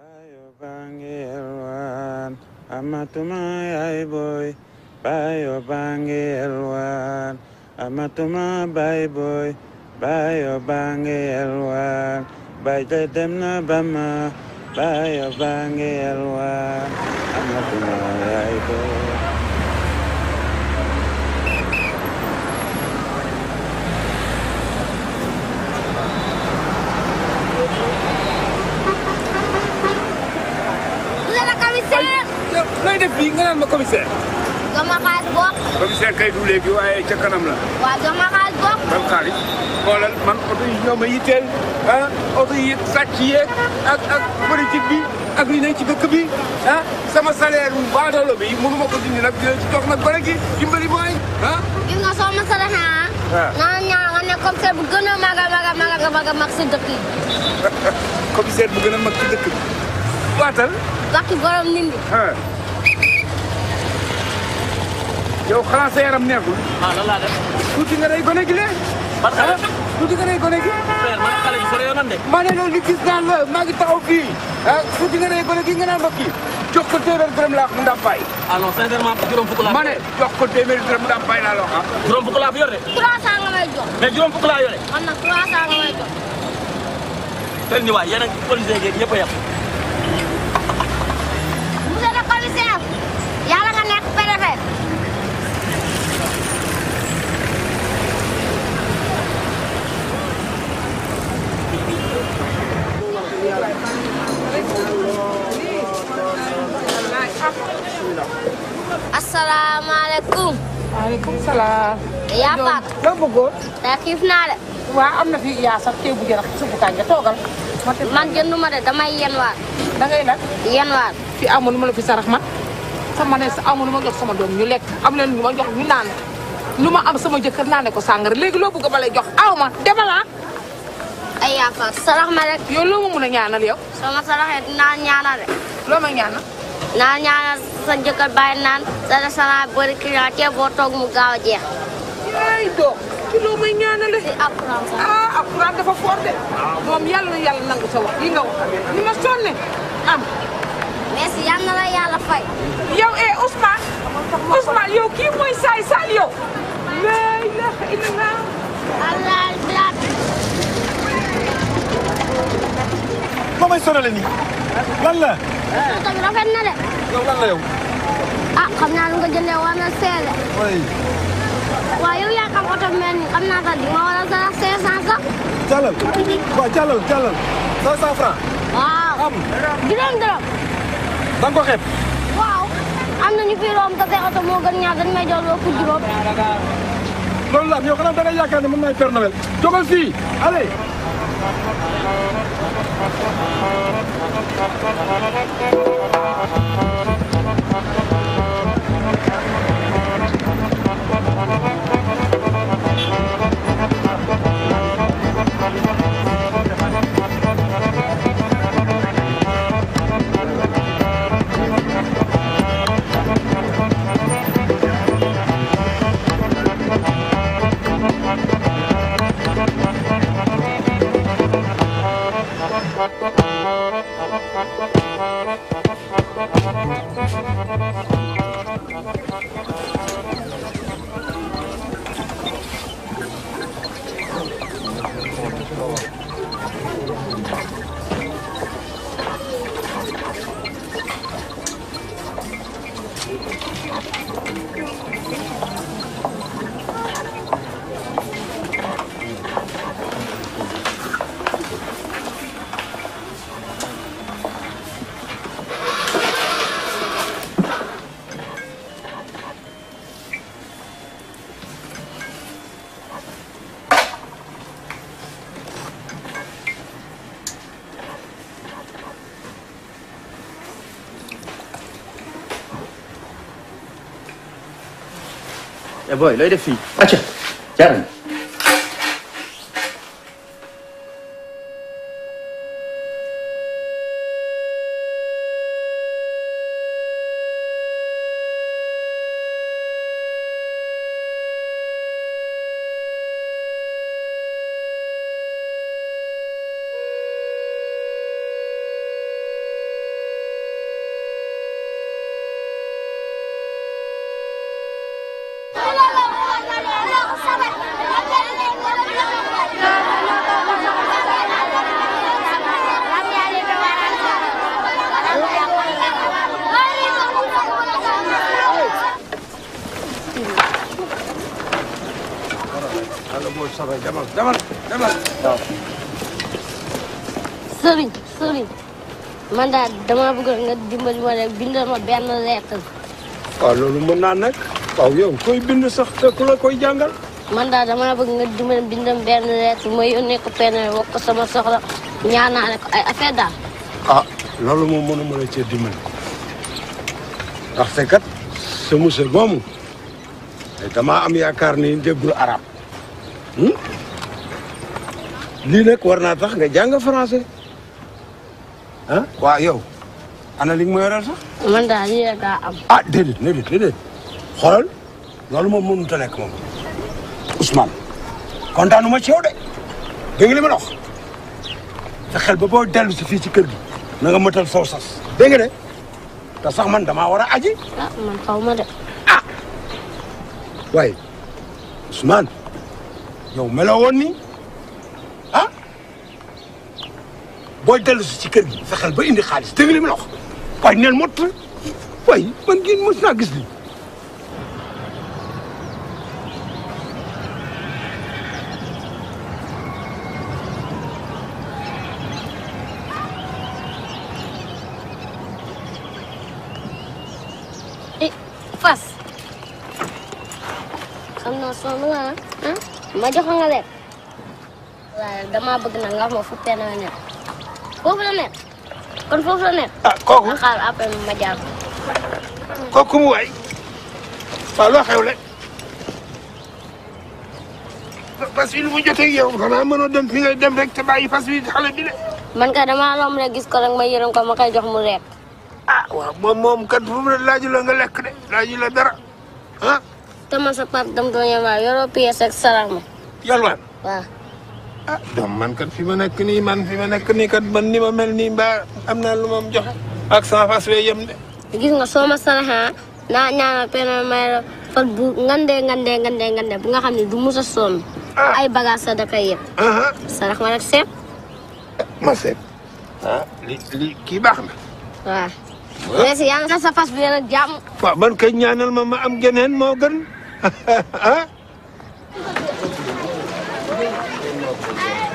bayo bangi elwan amatuma ay boy bayo bangi elwan amatuma bay boy bayo bangi elwan dem na bama bayo bangi elwan amatuma ay looy def fii nga naan ma commissaire. jox ma xaalis bokk. commissaire kay du léegi waaye ca kanam la. waaw jox ma xaalis bokk. ban xaalis xoolal man oto yi ñoo ma yitteel ah oto yi sàcc yeeg ak ak politique bi ak li nekk ci dëkk bi ah sama salaire bu baadoolo bi mënu ma ko dindi nag dina ci toog nag ba léegi dimbali booy ah. gis nga soo ma saraxee ah. waaw ah. naa ñaa nga ne commissaire bu gën a mag a mag a mag a mag a mag si dëkk yi. commissaire bu gën a mag ci dëkk bi waatal. bakki borom nindi. Ah. yow xanaa sa yaram neexul. ah lan laa nga day gone gi lee. man xale bi tuuti maa ngi taxaw fii ah tuuti nga day gone gi nga naan ma kii jox ko téeméer dërëm laa ko ndàmpaay. ah non sincèrement juróom fukk laa. ma ne jox ko téeméer dërëm ndàmpaay laa la wax ah. juróom fukk laa fi yore. 300 nga may jox. mais juróom fukk a ngi policier yeeg ñëpp a yaa faat loo am na fi yaa sax teew bu jën ak suufu kànja toogal. ma fi sarax man sama ma jox sama doom ñu lekk am leen ñu ma lu ma am sama jëkkër ko sàngara léegi loo bëgg ba lay jox aw ma ah. a ñaanal yow. sama saraxee dinaa ñaanal de. loo may ñaanal. naa ñaanal sa jëkkër bàyyi naan sa restaurant bëri client boo toog mu gaaw jeex. ay doom ci loo may ñaanale. ah alxuraan dafa foor de. moom yàlla na yàlla nangu sa wax li nga wax ni ma sonne am. merci yal na la yàlla fay. yow eh Ousmane. Ousmane yow kii mooy saay saal yow. la ilaha illallah. allah daal. moo may sonale nii. lan la. oto bi rafet na de. yow lan la yow. ah xam naa lu nga jëndee war na seede. waaw yow yaa xam oto mel ni xam naa ma war a sarax 500 sax. jàllal waaw jàllal jàllal 500 francs. waaw am juróom dërëm. waaw am na ñu fi romb te seen oto moo gën ñaar dañu may loo ku juróom. loolu la yow xanaa da ngay yaakaar ne mën naa Père booy looy def fii acca jaaral geliyor. Hala boş saray. Cemal, Cemal, bëgg nga dimbali ma rek bindal ma benn lettre. waaw loolu mën naa nekk. waaw yow koy bind sax te ku koy jàngal. man daal damaa bëgg nga dimbali bindal benn lettre ma yónnee ko peenee wax ko sama soxla ñaanaale ko ay affaire daal. ah loolu moom mënuma la cee dimbali. ndaxte kat sa monsieur moomu. Eh, damaa am yaakaar ni déggul arab hmm? lii nag war naa tax nga jàng français ah waaw yow ana li nga ma yoreel sax. man daal lii rek am. ah déedéet déedéet déedéet xoolal loolu moom mënut a nekk moom Ousmane kontaanuma ci yow de dégg nga li ma la wax xel ba boo dellu si fii ci kër gi na nga matal soo sas dégg de te sax man damaa war a aji. ah man xaw de. waaye Ousmane yow meloo woon ni ah boo dellu si ci kër gi fexeel ba indi xaalis dégg li mu la wax waaye neen mott waaye man gi mos naa gis li eh, Fass xam naa sonn nga ah ma joxoon nga lekk waaye bëgg nag nga wax fu pexe nga nekk foofu la kon foofu la nekk. ko. kooku mu waay waaw loo xewle mu jotee ak yow xanaa mënoo dem fi ngay dem rek te bàyyi fas wi xale bi de. man kay damaa romb rek gis ko rek ma yërëm ko ma koy jox mu lekk. ah waaw moom moom kat fu mu ne la nga lekk de laaju la dara ah. te man sa pap dam doon yalwaan yoroo pièce ak sarax ma. yalwaan. waaw. ah doom man kat fi ma nekk nii man fi ma nekk nii kat man ni ma mel nii mbaa am naa lu ma joxe ak sama fas wee yem de. gis nga soo ma saraxaa naa ñaanal penal may la fan bu ngandee ngandee ngandee ngandee bu nga xam ne du mus a sonn. Ah. ay bagage sa da koy yëpp. sarax ma rek seet. ma seet. ah li li kii baax na. waaw. merci yàlla nga sa fas bi yéen a jàmm. waaw man kay ñaanal ma ma am geneen moo gën. ah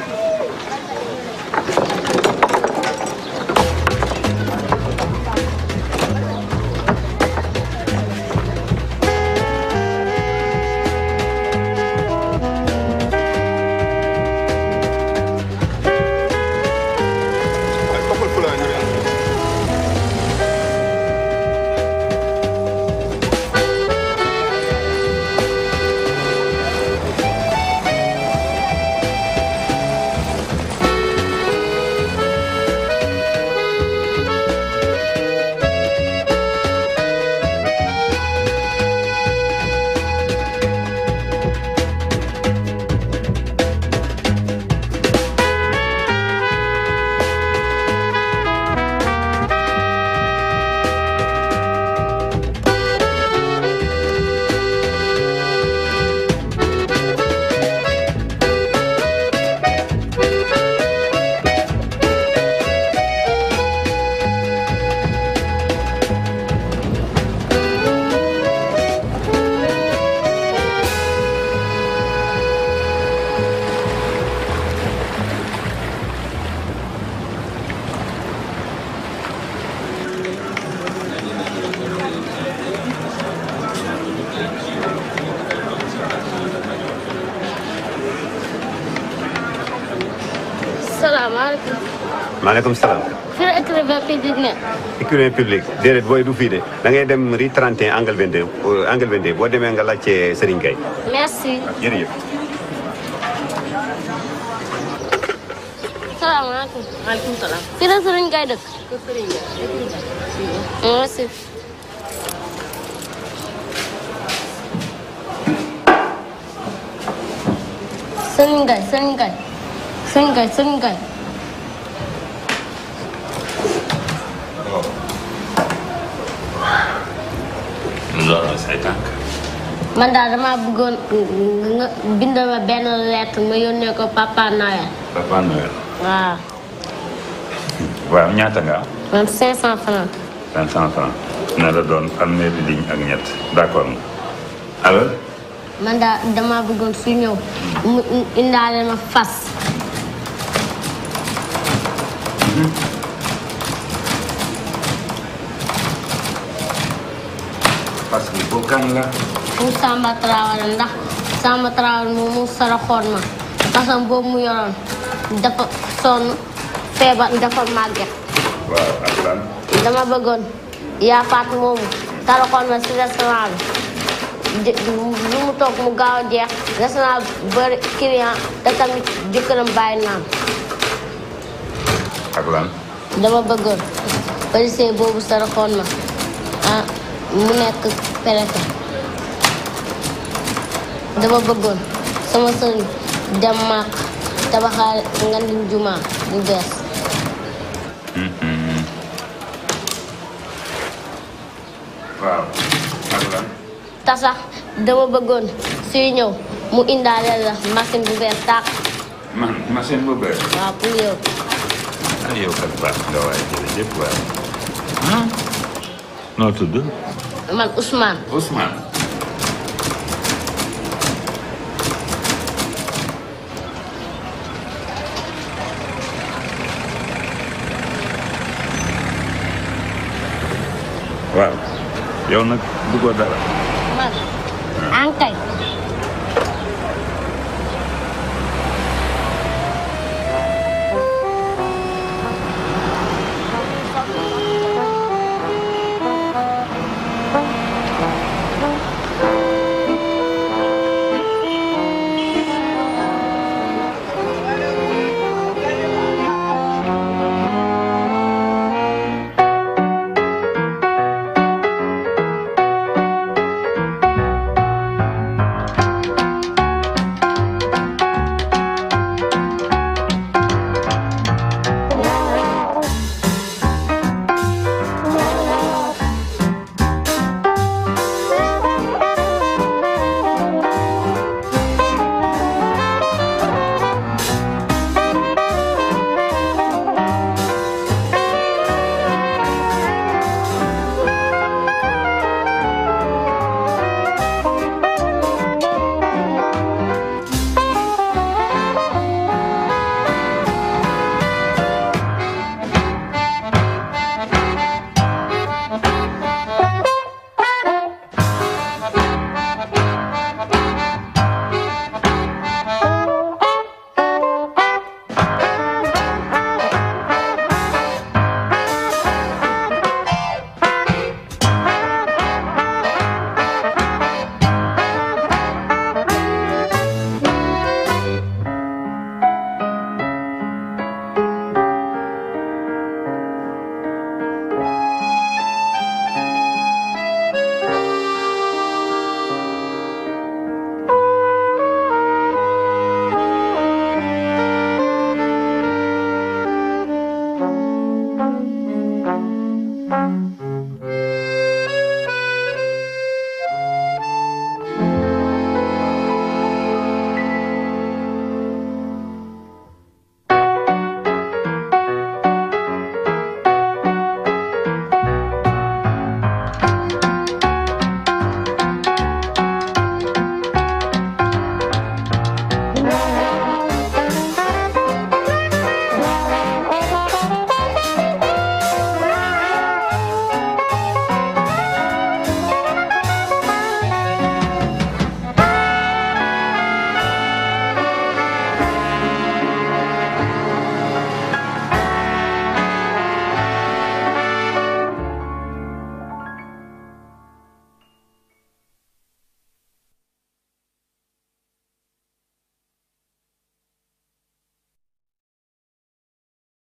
maaleykum salaam. fii la écrivain public ne. écrivain public de da ngay dem rue 31 euh, boo demee nga laajte Serigne Gueye. merci jërëjëf. salaamaaleykum. maaleykum salaam. fii la Serigne Gueye loolu la man daal damaa bëggoon nga ma benn lettre ma yónnee ko Papa Noël. waaw. ñaata nga am. man 500 francs. 500 francs. na la doon fanweeri ligne ak ñett d'accord alors. man daal damaa bëggoon su ñëw. mu indaale ma fas. parce que bokkan la. mu Samba Traoré ndax Samba Traoré moom saraxoon ma fasam boobu mu yoroon dafa sonn feebar dafa màgget. dama bëggoon yaa faat moomu saraxoon ma si restaurant lu mu toog mu gaaw jeex restaurant bëri client te tamit jëkkëram bàyyi naam. ak lan. dama bëggoon policier boobu saraxoon ma. mu nekk préfet dama bëggoon sama sëriñ dem màq nga ndim juma bu bees waaw ak dama bëggoon suy ñëw mu indaale la machine bu bees tàq man machine bu bees waaw pour yow ay ah, yow kat baax nga waaye jërëjëf waaye noo tudd. man Ousmane. Ousmane. waaw yow nag bëggoo dara. man. ankay.